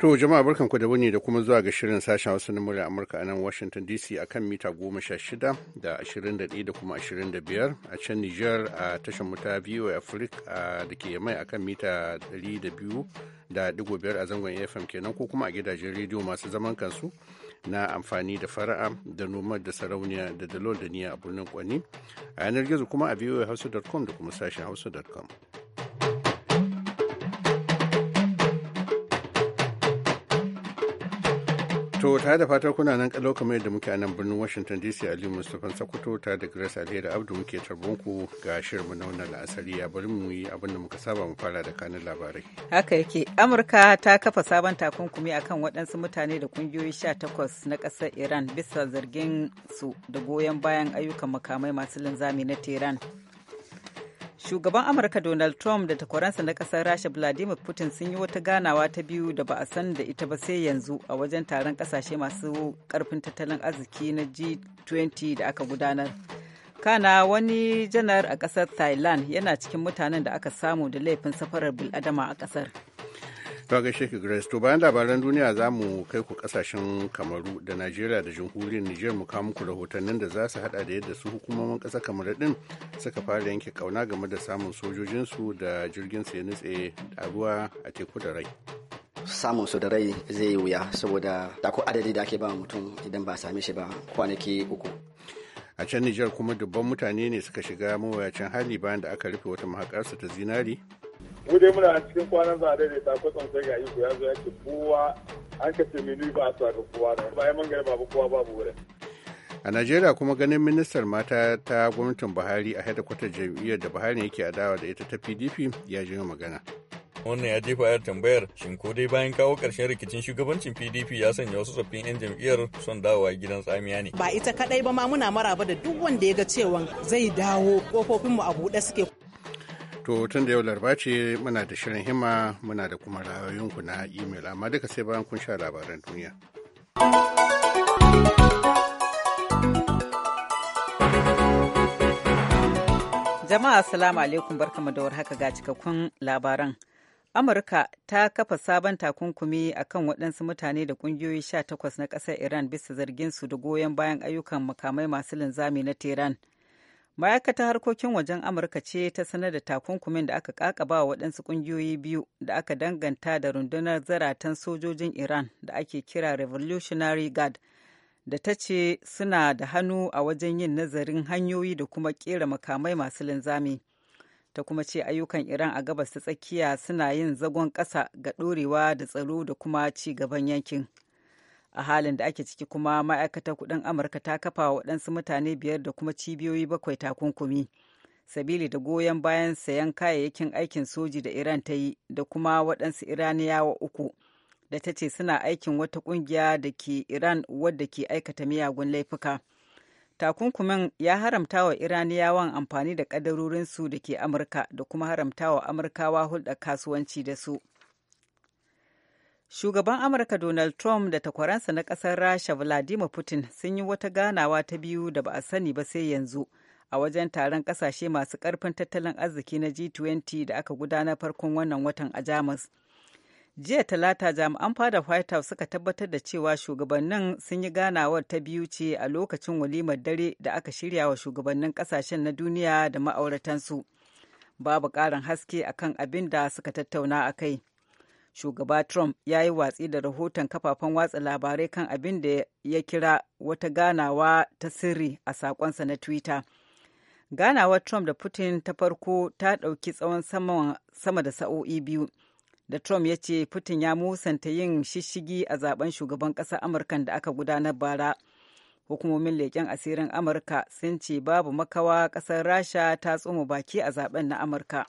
To jama'a barkan ku da wani da kuma zuwa ga shirin sashen wasu na murya Amurka a nan Washington DC akan mita goma sha shida da ashirin da da kuma ashirin da biyar a can Nijar a tashar muta VOA Africa da ke mai akan mita ɗari da biyu da digo biyar a zangon FM kenan ko kuma a gidajen rediyo masu zaman kansu na amfani da fara'a da noma da sarauniya da dalol da niya a birnin Kwani a yanar gizo kuma a voahausa.com da kuma sashen hausa.com. To ta da fatar kuna nan kallo kamar yadda muke a nan birnin Washington DC ali Mustapha Sakuto ta da Grace Alheri Abdu muke tarbon ku ga shirin na wannan la'asari ya bari mu yi abin da muka saba mu fara da kanin labarai. Haka yake Amurka ta kafa sabon takunkumi akan waɗansu mutane da kungiyoyi 18 na ƙasar Iran bisa zargin su da goyon bayan ayyukan makamai masu linzami na Tehran. shugaban amurka donald trump da takwaransa na kasar rasha vladimir putin sun yi wata ganawa ta biyu da ba a san da ita ba sai yanzu a wajen taron kasashe masu karfin tattalin arziki na g20 da aka gudanar kana wani janar a kasar thailand yana cikin mutanen da aka samu da laifin safarar biladama a kasar To gaishe ki Grace to bayan labaran duniya za mu kai ku kasashen Kamaru da Najeriya da jamhuriyar Nijar mu kawo muku rahotannin da za su hada da yadda su hukumomin kasa Kamaru din suka fara yanke kauna game da samun sojojinsu da jirgin su ya nutse a ruwa a teku da rai. samun su da rai zai yi wuya saboda tako adadi da ake ba mutum idan ba same shi ba kwanaki uku a can nijar kuma dubban mutane ne suka shiga mawuyacin hali bayan da aka rufe wata mahakarsa ta zinari mu dai muna cikin kwanan za a daidaita kwatsan sai ga iko ya zo ya kowa an kace menu ba a sa kowa da bayan man gari babu kowa babu wurin a najeriya kuma ganin ministar mata ta gwamnatin buhari a kwata jam'iyyar da buhari yake adawa da ita ta pdp ya ji magana wannan ya jefa yar tambayar shin ko dai bayan kawo karshen rikicin shugabancin pdp ya sanya wasu tsoffin 'yan jam'iyyar son dawowa gidan tsamiya ne ba ita kadai ba ma muna maraba da duk wanda ya ga cewa zai dawo kofofinmu a buɗe suke To tun da yau larba ce muna da shirin hima muna da kuma ra'ayoyinku na imel amma duka sai bayan kun sha labaran duniya. Jama'a assalamu alaikum barkamu da warhaka ga cikakkun labaran. Amurka ta kafa sabon takunkumi a kan waɗansu mutane da ƙungiyoyi 18 na ƙasar Iran bisa zarginsu da goyon bayan ayyukan makamai masu linzami na Tehran. ma'aikatar harkokin wajen amurka ce ta sanar da takunkumin da aka kakaba wa waɗansu ƙungiyoyi biyu da aka danganta da rundunar zaratan sojojin iran da ake kira revolutionary guard da ta ce suna da hannu a wajen yin nazarin hanyoyi da kuma ƙera makamai masu linzami ta kuma ce ayyukan iran a gabas ta tsakiya suna yin zagon ƙasa ga ɗorewa da tsaro da kuma ci gaban yankin a halin da ake ciki kuma ma'aikatar kudin amurka ta kafa wa waɗansu mutane biyar da kuma cibiyoyi bakwai takunkumi sabili da goyon bayan sayan kayayyakin aikin soji da iran ta yi da kuma waɗansu iraniyawa uku da ta ce suna aikin wata ƙungiya da ke iran wadda ke aikata miyagun laifuka takunkumin ya haramta wa iraniyawan amfani da ƙadarorinsu da ke amurka da kuma haramta wa amurkawa hulɗar kasuwanci da su Shugaban Amurka Donald Trump da takwaransa na ƙasar Rasha Vladimir Putin sun yi wata ganawa ta biyu da ba a sani ba sai yanzu a wajen taron ƙasashe masu ƙarfin tattalin arziki na G20 da aka gudanar farkon wannan watan a Jamus. Jiya Talata jami'an fada White House suka tabbatar da cewa shugabannin sun yi ganawar ta biyu ce a lokacin walimar dare da aka shirya wa shugabannin ƙasashen na duniya da ma'auratansu. Babu ƙarin haske akan abin da suka tattauna a kai. shugaba trump ya yi watsi da rahoton kafafen watsa labarai kan abin da ya kira wata ganawa ta sirri a sakonsa na twitter ganawar trump da putin ta farko ta ɗauki tsawon sama da sa'o'i biyu da trump ya ce putin ya musanta yin shishigi a zaben shugaban ƙasar amurka da aka gudanar bara hukumomin leƙen asirin amurka sun ce babu makawa ƙasar rasha ta tsoma baki a zaben na amurka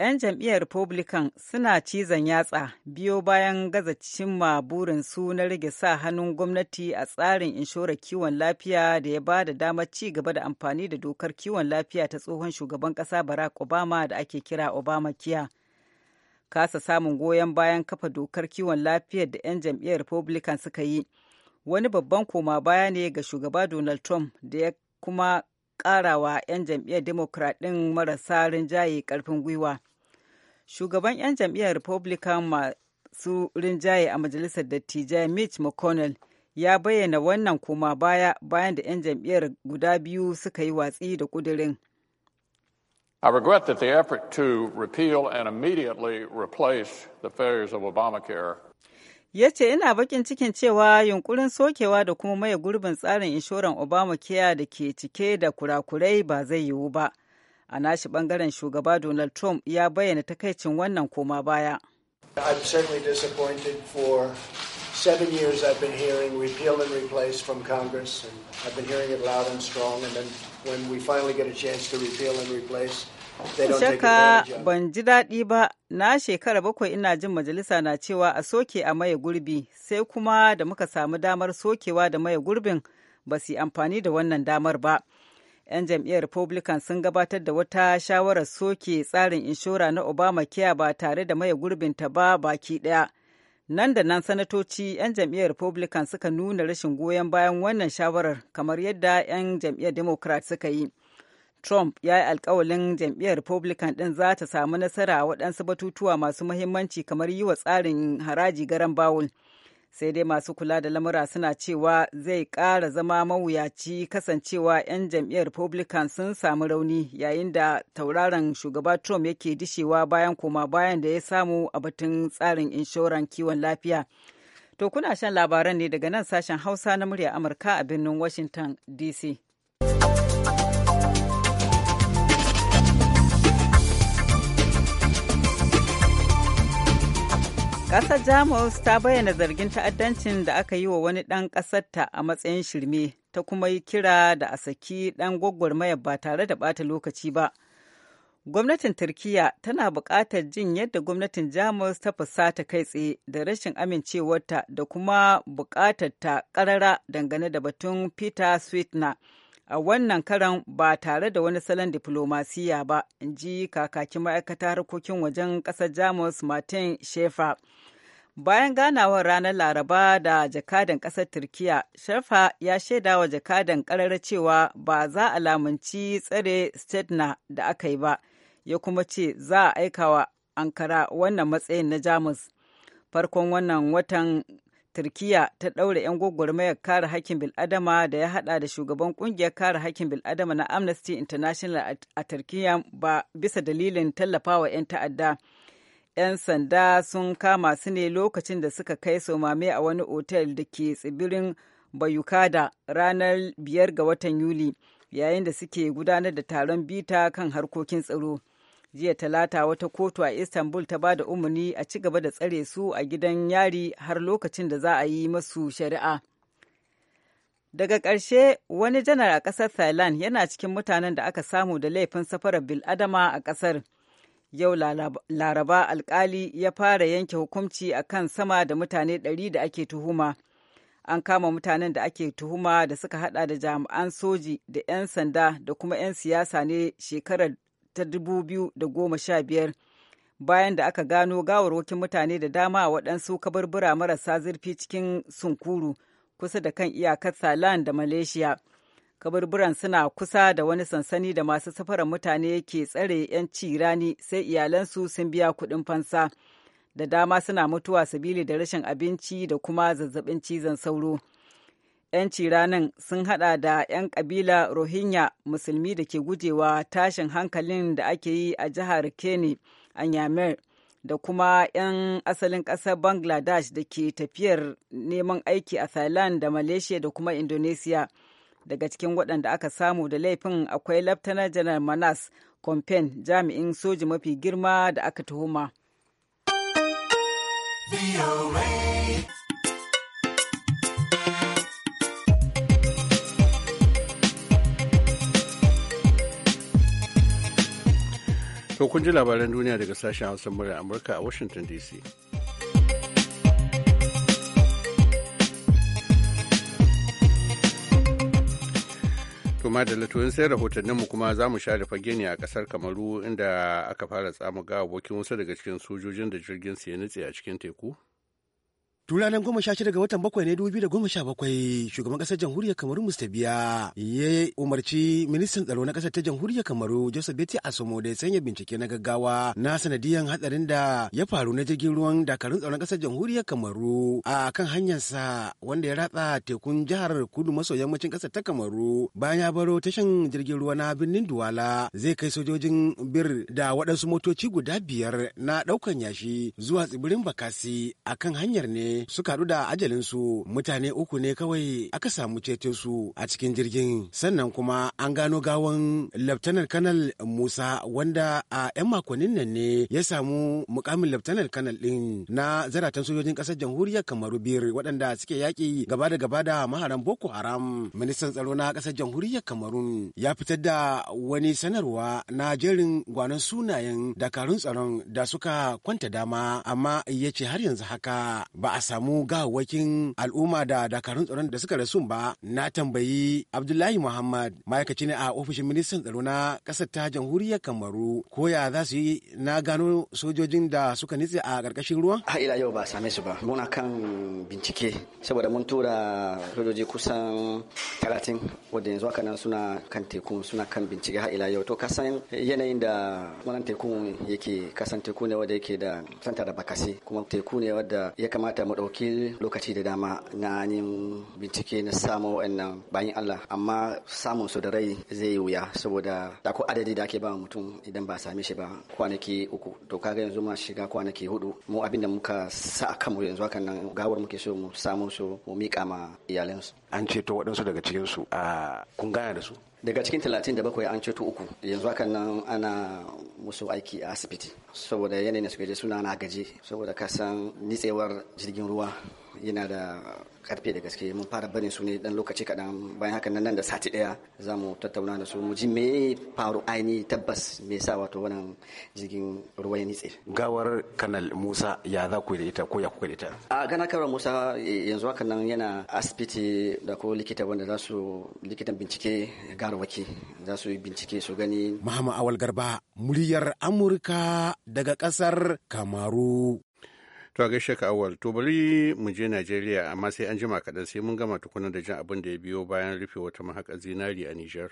'yan jam'iyyar republican suna cizon yatsa biyo bayan gaza cimma burinsu na rage sa hannun gwamnati a tsarin inshorar kiwon lafiya da ya ba da damar ci gaba da amfani da dokar kiwon lafiya ta tsohon shugaban kasa barack obama da ake kira obama kiya kasa samun goyon bayan kafa dokar kiwon lafiyar da 'yan jam'iyyar republican suka yi wani babban koma baya ne ga shugaba donald trump da ya kuma karawa 'yan jam'iyyar democrat ɗin marasa rinjaye karfin gwiwa shugaban 'yan jam'iyyar republican masu rinjaye a majalisar dattijai mitch mcconnell ya bayyana wannan kuma baya bayan da 'yan jam'iyyar guda biyu suka yi watsi da kudirin I regret that the effort to repeal and immediately replace the failures of Obamacare ya ce ina bakin cikin cewa yunkurin sokewa da kuma maye gurbin tsarin inshoran obamacare da ke cike da kurakurai ba zai yiwu ba a nashi bangaren shugaba donald trump ya bayyana takaicin wannan koma baya seven years I've been hearing repeal and replace from Congress, and I've been hearing it loud and strong. And then when we finally get a chance to repeal and replace, shakka ban ji daɗi ba na shekara bakwai ina jin majalisa na cewa a soke a maye gurbi sai kuma da muka samu damar sokewa da maye gurbin ba su yi amfani da wannan damar ba 'yan jam'iyyar republican sun gabatar da wata shawarar soke tsarin inshora na obama kiya ba tare da maye gurbinta ba baki ɗaya nan da nan sanatoci 'yan jam'iyyar republican suka nuna rashin goyon bayan wannan shawarar kamar yadda 'yan jam'iyyar democrat suka yi Trump ya yi alkawalin jam'iyyar Republican ɗin za ta samu nasara a waɗansu batutuwa masu muhimmanci kamar yi wa tsarin haraji garan bawul. Sai dai masu kula da lamura suna cewa zai ƙara zama mawuyaci kasancewa 'yan jam'iyyar Republican sun samu rauni yayin da tauraron shugaba Trump yake dishewa bayan koma bayan da ya samu a batun tsarin inshoran kiwon lafiya. To kuna shan labaran ne daga nan sashen Hausa na murya Amurka a birnin Washington DC. Ƙasar Jamus ta bayyana zargin ta'addancin da aka yi wa wani ɗan ƙasarta a matsayin shirme ta kuma yi kira da a saki ɗan gwagwarmayar ba tare da ɓata lokaci ba. Gwamnatin Turkiyya tana buƙatar jin yadda gwamnatin Jamus ta fusata kai tsaye da rashin amincewarta da kuma buƙatar ta ƙarara dangane da batun Peter Sweetner. a wannan karan ba tare da wani salon diplomasiya ba in ji kakakin ma'aikata harkokin wajen ƙasar jamus martin shefa bayan ganawar ranar laraba da jakadan ƙasar turkiya shefa ya shaida wa jakadan ƙarara cewa ba za a lamunci tsare stetna da aka yi ba ya kuma ce za a aika wa ankara wannan matsayin na jamus farkon wannan watan turkiyya ta ɗaure 'yan gwagwarmayar kare hakkin bil'adama da ya haɗa da shugaban ƙungiyar kare hakkin bil'adama na amnesty international a turkiyya ba bisa dalilin tallafawa 'yan ta'adda 'yan sanda sun kama su ne lokacin da suka kai somame a wani otel da ke tsibirin bayukada ranar 5 ga watan yuli yayin da suke gudanar da taron bita kan harkokin tsaro. jiya talata wata kotu a istanbul ta ba da umarni a ci gaba da tsare su a gidan yari har lokacin da za a yi masu shari'a daga ƙarshe wani janar a ƙasar thailand yana cikin mutanen da aka samu da laifin safarar biladama a ƙasar yau laraba alkali ya fara yanke hukunci a kan sama da mutane ɗari da ake tuhuma an kama mutanen da ake tuhuma da suka hada da jami'an soji da 'yan sanda da kuma 'yan siyasa ne shekarar ta 2015 bayan da aka gano gawarwakin mutane da dama a waɗansu kabarbura marasa zurfi cikin sunkuru kusa da kan iyakar Thailand da Malaysia. Kaburburan suna kusa da wani sansani da masu safarar mutane ke tsare yanci rani sai iyalansu sun biya kuɗin fansa. Da dama suna mutuwa sabili da rashin abinci da kuma zazzabin cizon sauro. 'yanci ranar sun hada da 'yan kabila rohingya musulmi da ke gujewa tashin hankalin da ake yi a jihar kene a yamer da kuma 'yan asalin ƙasar bangladesh da ke tafiyar neman aiki a thailand da malaysia da kuma indonesia daga cikin waɗanda aka samu da laifin akwai laftanar janar manas kompen jami'in soji mafi girma da aka tuhuma. To kun ji labaran duniya daga sashen Hausa murya Amurka a Washington DC. kuma da latoyin sai rahotanninmu kuma za mu share fage ne a kasar kamaru inda aka fara ga abokin wasu daga cikin sojojin da jirgin su ya nutse a cikin teku Tun ranar goma sha shida ga watan bakwai ne dubu biyu da goma sha bakwai shugaban ƙasar jamhuriyar kamaru Mr. Biya ya umarci ministan tsaro na kasar ta jamhuriyar kamaru Joseph Beti Asomo da ya sanya bincike na gaggawa na sanadiyan hatsarin da ya faru na jirgin ruwan dakarun tsaron ƙasar jamhuriyar kamaru a kan hanyarsa wanda ya ratsa tekun jihar kudu maso yammacin kasar ta kamaru bayan ya baro tashan jirgin ruwa na birnin Duwala zai kai sojojin bir da waɗansu motoci guda biyar na ɗaukan yashi zuwa tsibirin Bakasi a kan hanyar ne suka haɗu da ajalinsu mutane uku ne kawai aka samu ceto su a cikin jirgin sannan kuma an gano gawan laftanar kanal musa wanda a 'yan makonnin nan ne ya samu mukamin laftanar kanal ɗin na zaratan sojojin ƙasar jamhuriyar kamaru biyar waɗanda suke yaƙi gaba da gaba da maharan boko haram ministan tsaro na ƙasar jamhuriyar kamarun ya fitar da wani sanarwa na jerin gwanon sunayen dakarun tsaron da suka kwanta dama amma ya ce har yanzu haka ba a samu gawakin al'umma da dakarun tsaron da suka rasu ba na tambayi abdullahi muhammad ma'aikaci ne a ofishin ministan tsaro na ƙasar ta jamhuriyar kamaru ko ya za su yi na gano sojojin da suka nitse a ƙarƙashin ruwa a ila yau ba same su ba muna kan bincike saboda mun tura sojoji kusan talatin wadda yanzu haka nan suna kan tekun suna kan bincike har ila yau to kasan yanayin da wannan tekun yake kasan teku ne wadda yake da santa da bakasi kuma teku ne wadda ya kamata mu ɗauki lokaci da dama na yin bincike na samun wa'annan bayan Allah amma samun su da rai zai yi wuya saboda da ko adadi da ake ba mutum idan ba same shi ba kwanaki uku to kaga yanzu ma shiga kwanaki hudu mu abin da muka sa akan mu yanzu hakan nan gawar muke so mu samu su mu mika ma iyalansu an ceto waɗansu daga cikin su a kun gana da su daga cikin 37 an ceto uku yanzu hakan nan ana musu aiki a asibiti saboda yanayin da suka je suna na gaje saboda kasan nitsewar jirgin ruwa yana da karfe da gaske mun fara barin su ne dan lokaci kaɗan bayan haka nan da sati ɗaya za mu tattauna da su mu ji me faru aini tabbas me sa wato wannan jirgin ruwa ya nitse gawar kanal musa ya za ku da ita ko ya kuka da ita a gana kawar musa yanzu haka nan yana asibiti da ko likita wanda za su likitan bincike garwaki za su yi bincike su gani mahama awal garba muryar amurka daga kasar kamaru To a gaishe ka awal to bari mu je Najeriya amma sai an jima kaɗan sai mun gama tukunan da jin abin da ya biyo bayan rufe wata mahaƙar zinari a Nijar.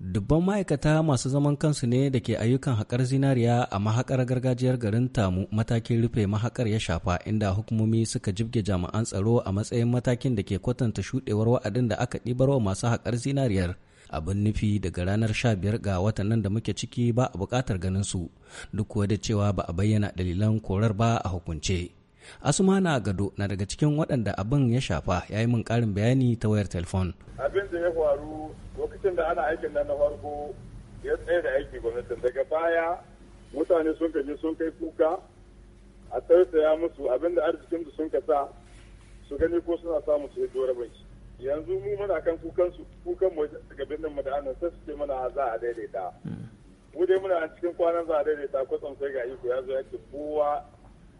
Dubban ma'aikata masu zaman kansu ne da ke ayyukan haƙar zinariya a mahaƙar gargajiyar garin Tamu matakin rufe mahaƙar ya shafa inda hukumomi suka jibge jami'an tsaro a matsayin matakin da ke kwatanta shuɗewar wa'adin da aka ɗibar wa masu haƙar zinariyar. abin nufi daga ranar sha biyar ga watan nan da muke ciki ba a bukatar ganin su duk kuwa da cewa ba a bayyana dalilan korar ba a hukunce asumana gado na daga cikin waɗanda abin ya shafa ya yi min ƙarin bayani ta wayar telefon abin da ya faru lokacin da ana aikin nan na farko ya tsaye da aiki gwamnatin daga baya mutane sun kaje sun kai kuka a tausaya musu abin da arzikin sun kasa su gani ko suna samun su yi rabin shi yanzu mu muna kan kukan su kukan mu daga birnin mu da anan sai su ce mana za a daidaita mu dai muna cikin kwanan za a daidaita kwatsam sai ga iko ya zo ya kowa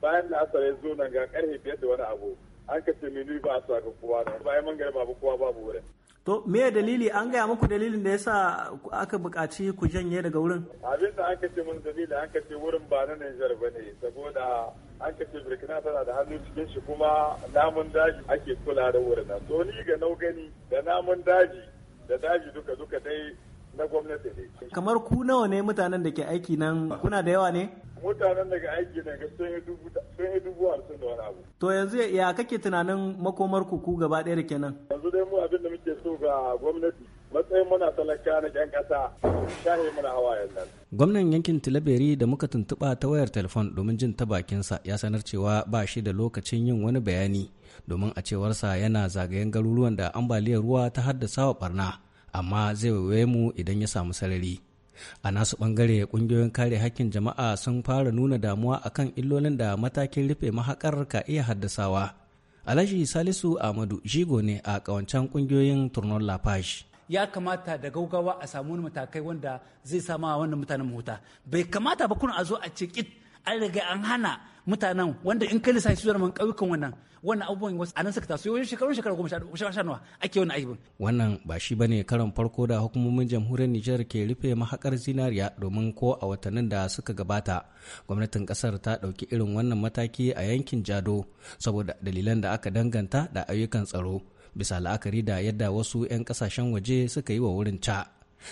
bayan da asar ya zo nan ga karfe biyar da wani abu an kace menu ba a sa ga kowa nan bayan mangare babu kowa babu wurin to me dalili an gaya muku dalilin da yasa aka bukaci ku janye daga wurin abin da aka ce mun dalili aka ce wurin ba na Niger ne saboda an ka ce burkina tana da hannu cikin shi kuma namun daji ake kula da wurin to ni ga nau gani da namun daji da daji duka duka dai na gwamnati ne. Kamar ku nawa ne mutanen da ke aiki nan kuna da yawa ne? Mutanen da ke aiki nan sun yi dubu hamsin da wani abu. To yanzu ya kake tunanin makomar ku ku gaba ɗaya da kenan? Yanzu dai mu abin da muke so ga gwamnati matsayin muna talaka na ƴan ƙasa shahe muna hawa yanzu. Gwamnan yankin Tilaberi da muka tuntuɓa ta wayar telefon domin jin ta bakinsa ya sanar cewa ba shi da lokacin yin wani bayani domin a cewarsa yana zagayen garuruwan da ambaliyar ruwa ta haddasa wa barna. amma zai waiwaye mu idan ya samu sarari a nasu ɓangare ƙungiyoyin kare hakkin jama'a sun fara nuna damuwa a kan illolin da matakin rufe mahakar ka iya haddasawa alhaji salisu ahmadu shigo ne a kawancan ƙungiyoyin turnon lafash ya kamata da gaugawa a samu wani matakai wanda zai sama wannan mutanen mota bai kamata ba kuna a zo a ce an riga an hana mutanen wanda in ka lissafi su man ƙauyukan wannan wannan abubuwan wasu anan suka taso yawancin shekarun shekaru goma sha nawa ake wannan aibin. wannan ba shi ba ne karan farko da hukumomin jamhuriyar nijar ke rufe mahakar zinariya domin ko a watannin da suka gabata gwamnatin kasar ta ɗauki irin wannan mataki a yankin jado saboda dalilan da aka danganta da ayyukan tsaro bisa la'akari da yadda wasu 'yan kasashen waje suka yi wa wurin ca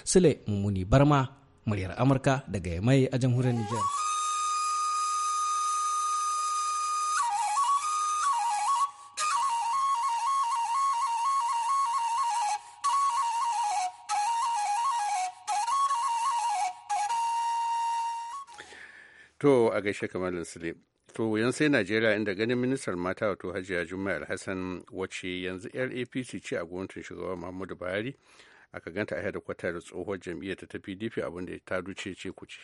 sule mummuni barma muryar amurka daga yamai a jamhuriyar nijar. To a gaishe kamar Sule. To yan sai Najeriya inda ganin ministar mata wato Hajiya Jummai Alhassan wacce yanzu LAPC ce a gwamnatin shugaban Muhammadu Buhari aka ganta a da kwata tsohon jam'iyyar ta PDP abinda ta duce ce kuce.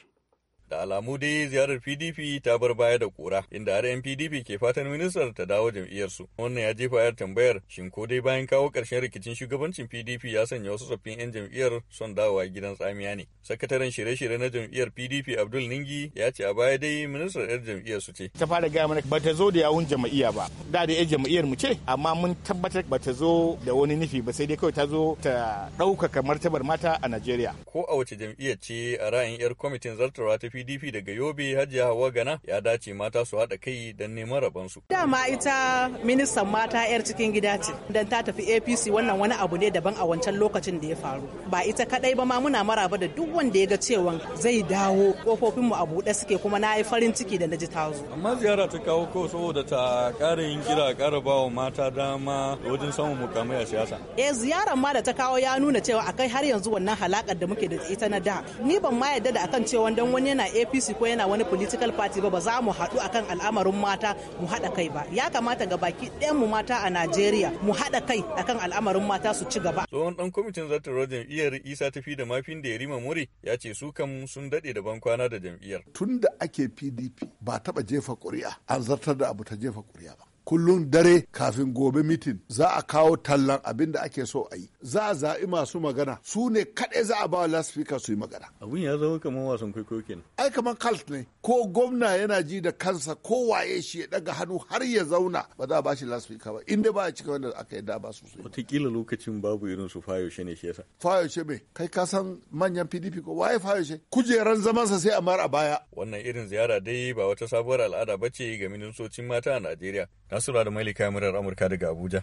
Da alamu dai ziyarar PDP ta bar baya da kura, inda har PDP ke fatan ministar ta dawo jam'iyyar jam'iyyarsu. Wannan ya jefa yar tambayar shin ko dai bayan kawo karshen rikicin shugabancin PDP ya sanya wasu tsoffin 'yan jam'iyyar son dawowa gidan tsamiya ne. Sakataren shirye-shirye na jam'iyyar PDP Abdul Ningi ya ce a baya dai ministar 'yar jam'iyyar su ce. Ta fara gaya mana ba ta zo da yawun jam'iyya ba. Da da 'yar jam'iyyar mu ce amma mun tabbatar ba ta zo da wani nufi ba sai dai kawai ta zo ta ɗaukaka martabar mata a Najeriya. Ko a wace jam'iyyar ce a ra'ayin 'yar kwamitin zartarwa ta PDP PDP daga Yobe Hajiya Hauwa Gana ya dace mata su haɗa kai don neman rabonsu. Dama ita ministan mata 'yar cikin gida ce. don ta tafi APC wannan wani abu ne daban a wancan lokacin da ya faru. Ba ita kaɗai ba ma muna maraba da duk wanda ya ga cewa zai dawo kofofinmu a buɗe suke kuma na yi farin ciki da na ji ta zo. Amma ziyara ta kawo ko saboda ta ƙara yin kira ƙara ba wa mata dama wajen samun mukamai a siyasa. Eh ziyarar ma da ta kawo ya nuna cewa akai har yanzu wannan halakar da muke da ita na da. Ni ban ma yarda da akan cewa dan wani yana yana apc ko yana wani political party ba ba za mu haɗu akan al'amarin mata mu haɗa kai ba ya kamata ga baki ɗayan mu mata a najeriya mu haɗa kai akan al'amarin mata su ci gaba tsohon dan kwamitin zartarwar jam'iyyar isa ta fi da mafin da yarima muri ya ce su kan sun daɗe da ban kwana da jam'iyyar tunda ake pdp ba taɓa jefa ƙuri'a an zartar da abu ta jefa ƙuri'a ba kullum dare kafin gobe mitin za a kawo tallan abin da ake so a yi za a zaɓi masu magana su ne kaɗai za a ba wa laspika su yi magana abin ya zama kamar wasan kwaikwayokin ai kamar kalt ne ko gwamna yana ji da kansa ko waye shi ya ɗaga hannu har ya zauna ba za a ba in ba inda ba a cika wanda aka yi ba su wataƙila lokacin babu irin su fayoshe ne shi yasa fayoshe me kai ka san manyan pdp ko waye fayoshe kujeran zamansa sai a mara baya wannan irin ziyara dai ba wata sabuwar al'ada ba ce ga ministocin mata a najeriya Nasura da Malika murar Amurka daga Abuja,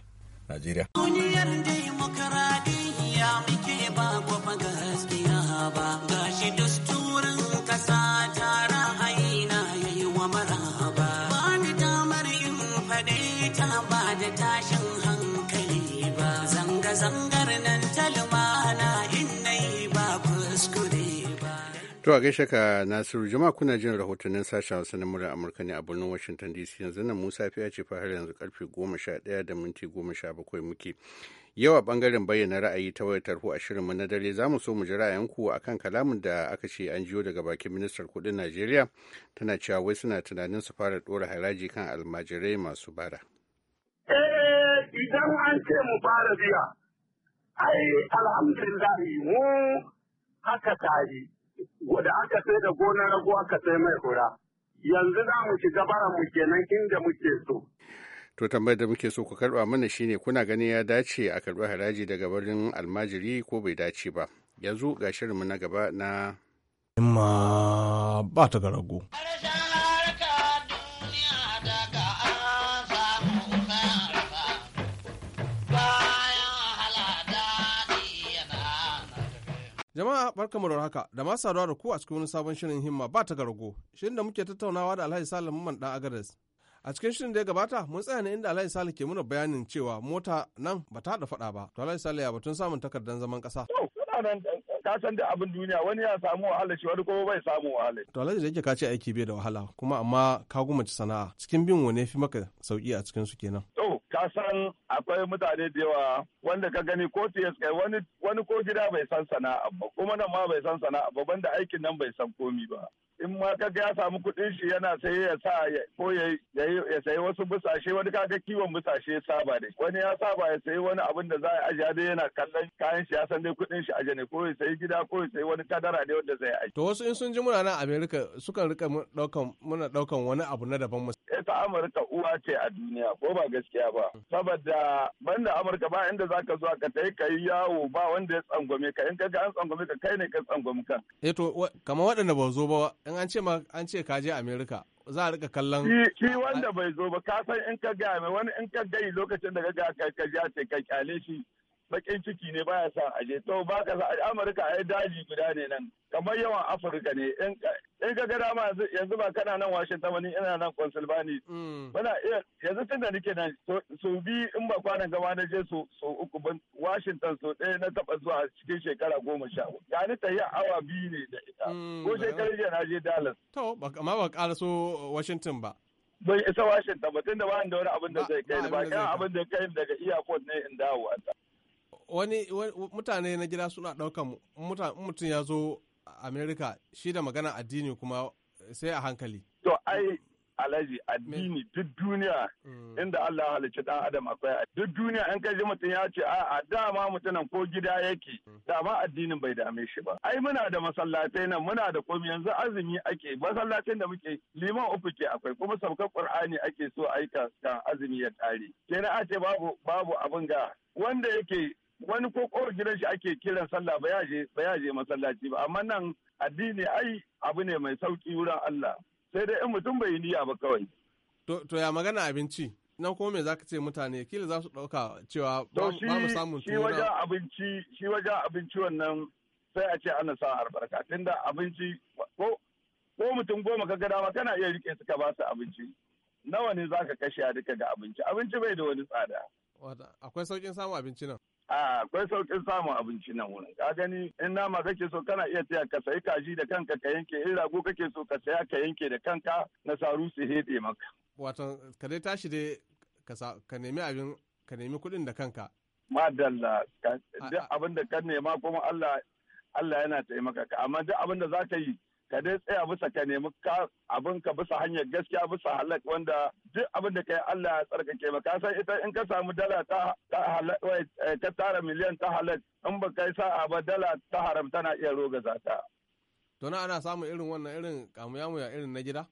Najeriya. Duniyar dimokuraɗiyya muke ba To a gaishe ka Nasiru jama'a kuna jin rahotannin sashen Hausa na murar Amurka ne a birnin Washington DC yanzu nan Musa fiya ce fa har yanzu karfe 11 da minti 17 muke. Yau a bangaren bayyana ra'ayi ta wayar tarho a shirinmu na dare zamu so mu ji ra'ayinku akan kalamin da aka ce an jiyo daga bakin ministar kudin Najeriya tana cewa wai suna tunanin su fara dora haraji kan almajirai masu bara. Eh idan an ce mu fara biya ai alhamdulillah mu haka tare. da aka sai da gonar rago aka sai mai hura yanzu za mu shiga bara mu kenan inda muke so to tambayar da muke so ku karba mana shine kuna ganin ya dace a karbi haraji daga barin almajiri ko bai dace ba yanzu ga mu na gaba na ma ba ta ga rago Jama'a barkamu da haka da ma saduwa da ku a cikin wani sabon shirin himma ba ta gargo shirin da muke tattaunawa da Alhaji Salim Mamman dan Agares. A cikin shirin da ya gabata mun tsaya ne inda Alhaji Salim ke muna bayanin cewa mota nan ba ta da faɗa ba. To Alhaji Salim ya batun samun takardar zaman kasa ka san da abin duniya wani ya samu wahala shi wani kuma bai samu wahala. To alhaji da yake ka aiki bai da wahala kuma amma ka gumace sana'a cikin bin wane fi maka sauki a cikin su kenan. To Kasan akwai mutane da yawa wanda ka gani ko TSK wani ko gida bai san sana'a ba kuma nan ma bai san sana'a ba banda aikin nan bai san komi ba in ma kaga ya samu kuɗin shi yana sai ya sa ko ya sayi wasu busashe wani kaga kiwon busashe ya saba ne. wani ya saba ya sayi wani abin da za a ajiya dai yana kallon kayan shi ya san dai kuɗin shi ajiye ne ko ya sayi gida ko ya sayi wani kadara ne wanda zai ajiye. to wasu in sun ji muna nan amerika sukan rika ɗaukan muna ɗaukan wani abu na daban musu. ita eh, amurka uwa ce a duniya ko ba gaskiya ba saboda banda amurka ba inda za ka a ka tai ka yi yawo ba wanda ya tsangwame ka in ka ga an tsangwame ka kai ne ka tsangwame kan. eh to kamar waɗanda ba zo ba in an ce an ce ka je America za a rika kallon shi wanda bai zo ba ka san in ka ga mai wani in ka gai lokacin da ka ga ka ka ja ce ka kyale shi bakin ciki ne baya sa aje to ba ka sa amurka ai daji guda ne nan kamar yawan afirka ne in ga gada ma yanzu ba kana nan washington wani ina nan konsulbani bana mm. yanzu tun da nake nan so bi in ba kwanan gaba na je so uku ban washington so ɗaya na taɓa zuwa cikin shekara goma sha ya ni ta yi awa biyu ne da ita mm, ko shekarar jiya na je dallas to kama ba ƙara so washington ba bai isa washington ba tun da ba da wani abin da zai kai ba kai abin da kai daga iyakon ne in dawo a wani mutane na gida suna ɗaukan mutum ya zo Amerika shi da magana addini kuma sai a hankali to ai alhaji addini duk duniya mm. inda Allah halicci dan adam akwai duk duniya in kai ji mutum ya ce a dama mutumin ko gida yake mm. dama addinin bai dame shi ba ai muna da masallatai nan muna da komi yanzu azumi ake masallacin da muke liman uku ke akwai kuma saukar qur'ani ake so aika kan azumi ya tare kenan a ce babu babu abin ga wanda yake wani ko kowar gidan shi ake kiran sallah ba ya je masallaci ba amma nan addini ai abu ne mai sauki wurin Allah sai dai in mutum bai yi niyya ba kawai to ya magana abinci nan kuma me zaka ce mutane kila za su dauka cewa ba mu samun shi wajen abinci shi wajen abinci wannan sai a ce ana sa albarka tunda abinci ko ko mutum goma ka gada ma kana iya rike suka ba su abinci nawa ne zaka kashe a duka ga abinci abinci bai da wani tsada Akwai saukin samun abinci nan? akwai saukin samun abinci nan wurin ka gani in nama kake so kana iya taya ka sayi kaji da kanka ka yanke in rago kake so ka saya ka yanke da kanka na saru su hede maka wato ka dai tashi dai ka nemi abin ka nemi kuɗin da kanka madalla duk abin da ka nema kuma Allah Allah yana taimaka ka amma duk abin da za ka yi ka dai tsaya bisa ka nemi abin ka bisa hanyar gaskiya bisa halak wanda duk abin da kai Allah ya tsarkake maka san ita in ka samu dala ta wai eh, ka tara miliyan ta halak in ba kai sa'a ba dala ta haram tana iya rogaza ta to na ana samun irin wannan irin kamuyamuya irin na gida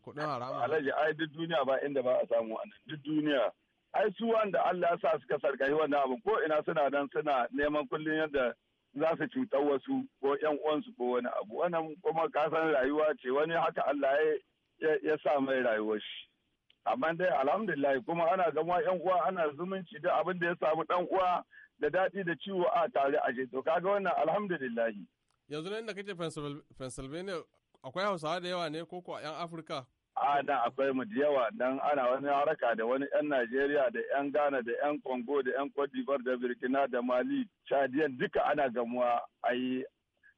kudin haram alhaji ai duk duniya ba inda ba a samu wannan duk duniya ai su wanda Allah ya sa suka sarkahi wannan abin ko ina suna dan suna neman kullun yadda za su cutar wasu ko yan uwansu ko wani abu wannan kuma san rayuwa ce wani haka Allah ya sa mai rayuwar shi amma dai alhamdulillah kuma ana zama yan uwa ana zumunci da abin da ya samu dan uwa da daɗi da ciwo a tare a je to kaga wannan alhamdulillah yanzu nan da kake Pennsylvania akwai Hausawa da yawa ne ko ko yan Afirka a da akwai mu da yawa dan ana wani haraka da wani yan Najeriya da yan Ghana da yan Congo da yan Cote d'Ivoire da Burkina da Mali Chadian duka ana gamuwa ayi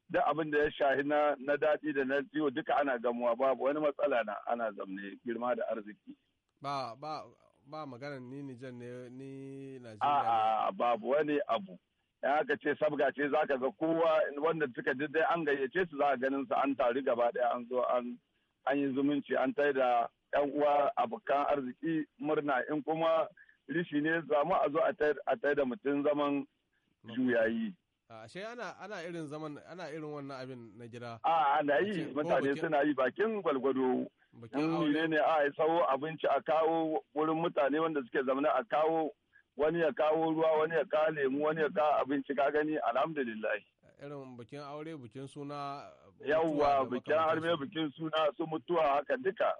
da abin da ya shahi na na daɗi da na ciwo duka ana gamuwa babu wani matsala na ana zamne girma da arziki ba ba ba magana ni jan ne ni Najeriya a babu wani abu ya aka ce sabga ce zaka ga kowa wanda suka ji dai an gayyace su za a ganin su an taru gaba daya an zo an an yi zumunci an tai da yan uwa abokan arziki murna in kuma rishi ne zamu a zo a tai da mutum zaman juyayi ashe ana ana irin zaman ana irin wannan abin na gida a ana yi mutane suna yi bakin gwalgwado in ne ne a sawo abinci a kawo wurin mutane wanda suke zamana a kawo wani ya kawo ruwa wani ya kawo lemu wani ya kawo abinci ka gani alhamdulillah irin bikin aure bikin suna yawwa bikin aure bikin suna su mutuwa haka duka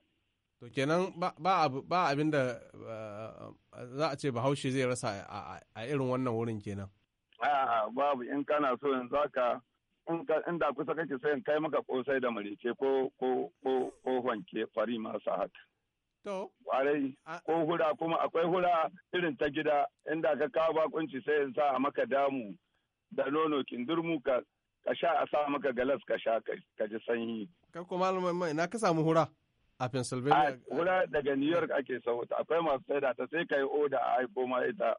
to kenan ba abin da eh, za a ce bahaushe zai rasa a irin wannan wurin kenan a'a babu in kana so in zaka in da kusa kake sayan kai maka kosai da marice ko ko ko ko wanke fari sa haka To. Warai, ko hura kuma akwai hura irin ta gida inda ka kawo bakunci sai in sa a maka damu da nono kindirmu ka ka sha a sa maka galas ka sha ka ji sanyi. Kai kuma mai na ka samu hura a Pennsylvania. hura daga New York ake sau ta akwai masu saida ta sai ka yi oda a aiko ma ita.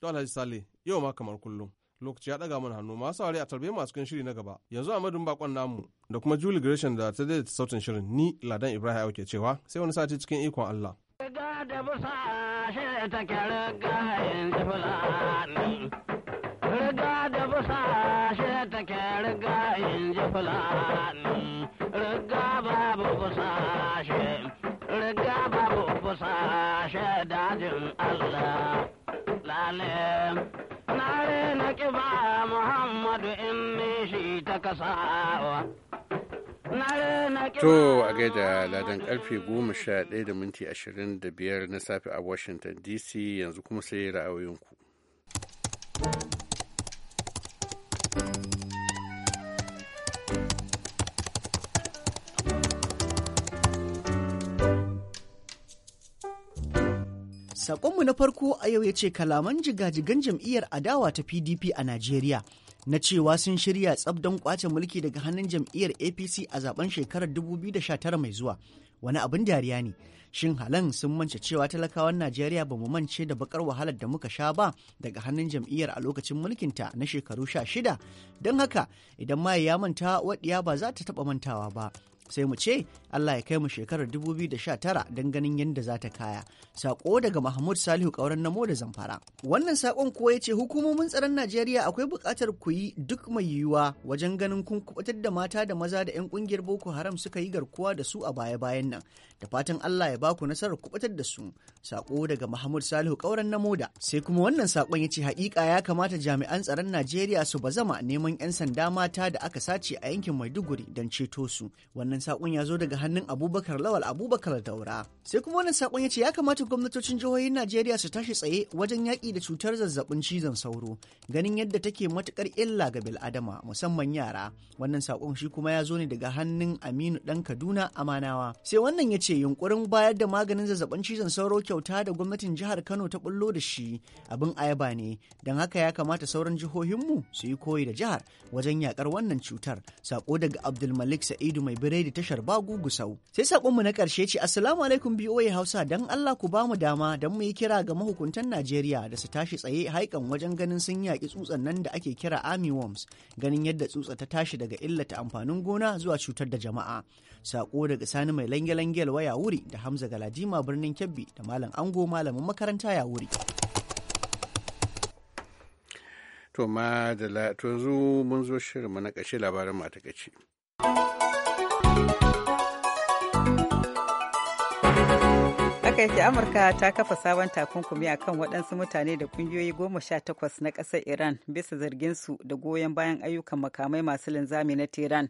To Alhaji Sale yau ma kamar kullum. Lokaci ya ɗaga mana hannu masu aure a tarbe masu kan shiri na gaba. Yanzu a madun bakon namu da kuma Julie Gresham da ta daidaita sautin shirin ni Ladan Ibrahim auke cewa sai wani sati cikin ikon Allah. Riga da busa shi ta kyar gayen fulani. riga da busa take riga in ji fulani riga babu busa riga babu busa dajin Allah lale nare na kiba Muhammadu in shi ta kasawa To a gaida ladan karfe goma sha ɗaya da minti ashirin da biyar na safe a Washington DC yanzu kuma sai ra'ayoyinku. Sakonmu na farko a yau ya ce kalaman jigajigan jam'iyyar adawa ta PDP a Najeriya na cewa sun shirya tsabdan kwace mulki daga hannun jam'iyyar APC a zaben shekarar 2019 mai zuwa. Wani abin dariya ne. Shin halan sun mance cewa talakawan Najeriya ba mu mance da bakar wahalar da muka sha ba daga hannun jam'iyyar a lokacin mulkinta na shekaru sha shida. Don haka idan ma ya manta waɗiya ba za ta taɓa mantawa ba. sai mu ce Allah ya kai mu shekarar 2019 don ganin yadda za ta kaya. Sako daga Mahmud Salihu ƙauren namo da zamfara. Wannan sakon kuwa ya ce hukumomin tsaron Najeriya akwai buƙatar ku yi duk mai yiwuwa wajen ganin kun kubatar da mata da maza da 'yan ƙungiyar Boko Haram suka yi garkuwa da su a baya-bayan nan. Da fatan Allah ya ba ku nasarar kubatar da su. Sako daga Mahmud Salihu ƙauren namo da. Sai kuma wannan sakon ya ce haƙiƙa ya kamata jami'an tsaron Najeriya su bazama neman 'yan sanda mata da aka sace a yankin Maiduguri don ceto su. wannan sakon ya zo daga hannun abubakar lawal abubakar daura sai kuma wannan sakon ya ce ya kamata gwamnatocin jihohin najeriya su tashi tsaye wajen yaƙi da cutar zazzabin cizon sauro ganin yadda take matukar illa ga bil'adama musamman yara wannan sakon shi kuma ya zo ne daga hannun aminu dan kaduna amanawa sai wannan ya ce yunkurin bayar da maganin zazzabin cizon sauro kyauta da gwamnatin jihar kano ta bullo da shi abin ayaba ne don haka ya kamata sauran jihohinmu su yi koyi da jihar wajen yakar wannan cutar sako daga abdulmalik sa'idu mai biredi da tashar Bagu Gusau. Sai saƙonmu na ƙarshe ce Assalamu alaikum BOA Hausa dan Allah ku ba mu dama don mu yi kira ga mahukuntan Najeriya da su tashi tsaye haikan wajen ganin sun yaƙi tsutsan nan da ake kira army worms ganin yadda tsutsa ta tashi daga illata amfanin gona zuwa cutar da jama'a. sako daga Sani mai lange-lange waya wuri da Hamza Galadima birnin Kebbi da Malam Ango malamin makaranta ya wuri. To ma da to mun zo shirinmu na ƙashe labarin matakaici. takaice amurka ta kafa sabon takunkumi a kan waɗansu mutane da ƙungiyoyi goma sha takwas na ƙasar iran bisa zarginsu da goyon bayan ayyukan makamai masu linzami na tehran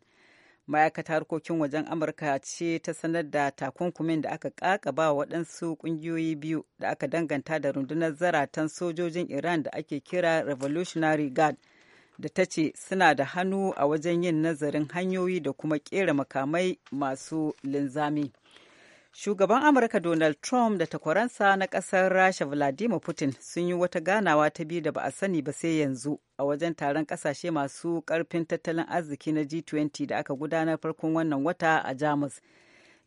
ma'aikata harkokin wajen amurka ce ta sanar da takunkumin da aka ƙaƙaba waɗansu ƙungiyoyi biyu da aka danganta da rundunar zaratan sojojin iran da ake kira revolutionary guard da ta ce suna da hannu a wajen yin nazarin hanyoyi da kuma ƙera makamai masu linzami. shugaban amurka donald trump da takwaransa na kasar rasha vladimir putin sun yi wata ganawa ta biyu da ba a sani ba sai yanzu a wajen taron kasashe masu karfin tattalin arziki na g20 da aka gudanar farkon wannan wata a jamus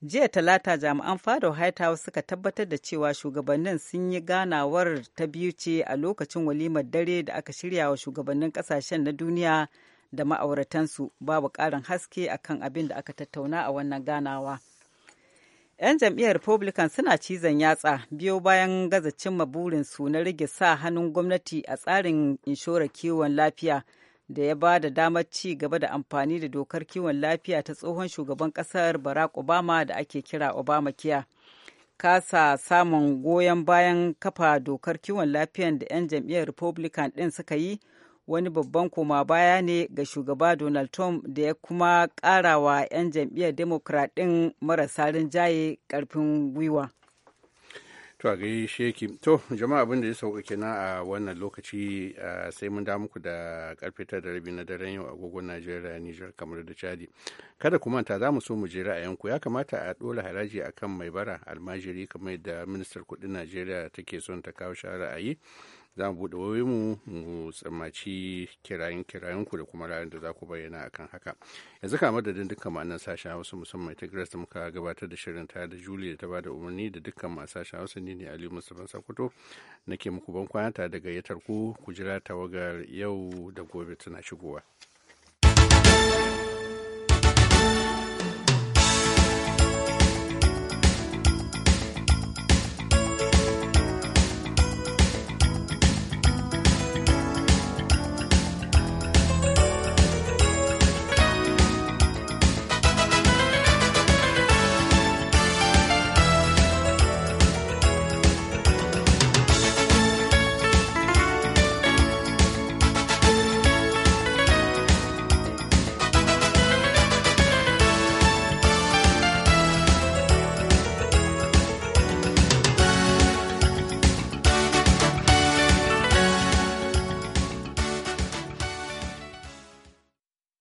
jiya talata jami'an fada white suka tabbatar da cewa shugabannin sun yi ganawar ta biyu ce a lokacin walimar dare da aka shirya wa shugabannin kasashen na duniya da ma'auratansu babu ƙarin haske akan abin da aka tattauna a wannan ganawa. 'yan jam'iyyar republican suna cizon yatsa biyo bayan gaza cimma burinsu na rage sa hannun gwamnati a tsarin inshorar kiwon lafiya da ya ba da damar ci gaba da amfani da dokar kiwon lafiya ta tsohon shugaban kasar barack obama da ake kira obama kiya kasa samun goyon bayan kafa dokar kiwon lafiyan da 'yan jam'iyyar republican ɗin suka yi wani babban koma baya ne ga shugaba Donald Trump da ya kuma karawa 'yan jam'iyyar Democrat ɗin marasa rinjaye karfin gwiwa. To a gaishe ki. To jama'a abin ya sauka kenan a wannan lokaci sai mun da muku da karfe tara da rabi na daren yau agogon Najeriya Nijar kamar da Chadi. Kada ku manta za mu so mu je ra'ayinku ya kamata a dole haraji akan mai bara almajiri kamar da ministar kuɗin Najeriya take son ta kawo shara a yi. za mu buɗe wayoyin mu mu tsammaci kirayen kirayen ku da kuma ra'ayin da za ku bayyana akan haka yanzu ka madadin dukkan ma'anar sashen hausa musamman ta grace da muka gabatar da shirin ta da juli da ta ba da umarni da dukkan masu sashen hausa ne ne aliyu musamman sakuto nake muku ban kwana ta da gayyatar ku ku jira tawagar yau da gobe tana shigowa.